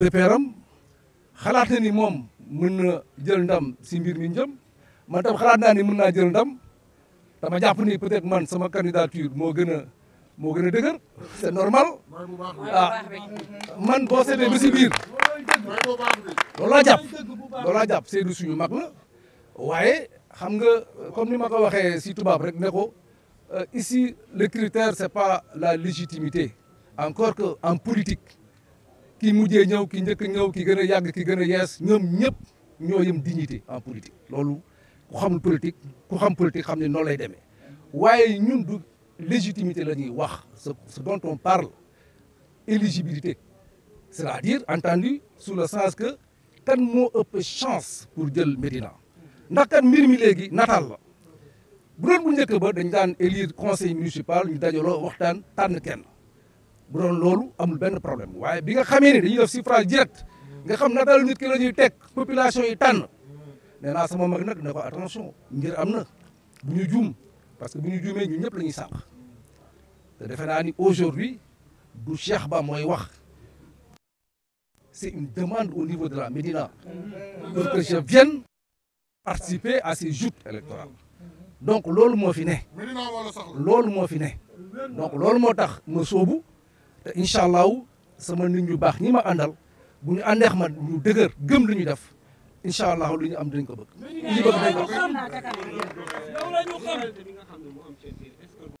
repéram xalaat na ni moom mën na jël ndam si mbir mi jëm man tam xalaat naa ni mën naa jël ndam dama jàpp ni peut-être man sama candidature moo gën a moo gën a dëgër c'est normal ah, man boo seetee ba si biir loolu laa jàpp loolu laa jàpp Seydou suñu mag la waaye xam nga comme ni ma ko waxee si tubaab rek ne ko euh, ici le critère c'est pas la légitimité encore que en politique kii mujjee ñëw ki njëkk ñëw ki gën a yàgg ki gën a yees ñoom ñëpp ñoo yem dignité en politique loolu ku xam politique ku xam politique xam ne noonu lay demee waaye ñun du légitimité la ñuy wax ce dont on parle éligibilité c'est-à-dire entendu sous le sens que kan moo ëpp chance pour jël Médina ndax kan mbir mi léegi nataal la bu doon bu njëkk ba dañ daan élire conseil municipal ñu dajaloo waxtaan tànn kenn bu doon loolu amul benn problème waaye bi nga xamee ni dañuy def suffrage direct nga xam na dal nit ki la ñuy teg population yi tànn nee naa sama mag nag ne ko attention ngir am na bu ñu juum parce que bu ñu juumee ñu ñëpp la ñuy sàq defe naa ni aujourd'hui du Cheikh Ba mooy wax c'est une demande au niveau de la Médina pour que je vienne participer à ces joutes électorales donc loolu moo fi ne loolu moo fi ne donc loolu moo tax ma soobu te incha allahu sama nit ñu baax ñi ma àndal bu ñu àndeex ma ñu dëgër gëm lu ñu def incha allahu lu ñu am dinañ ñu ko bëgg.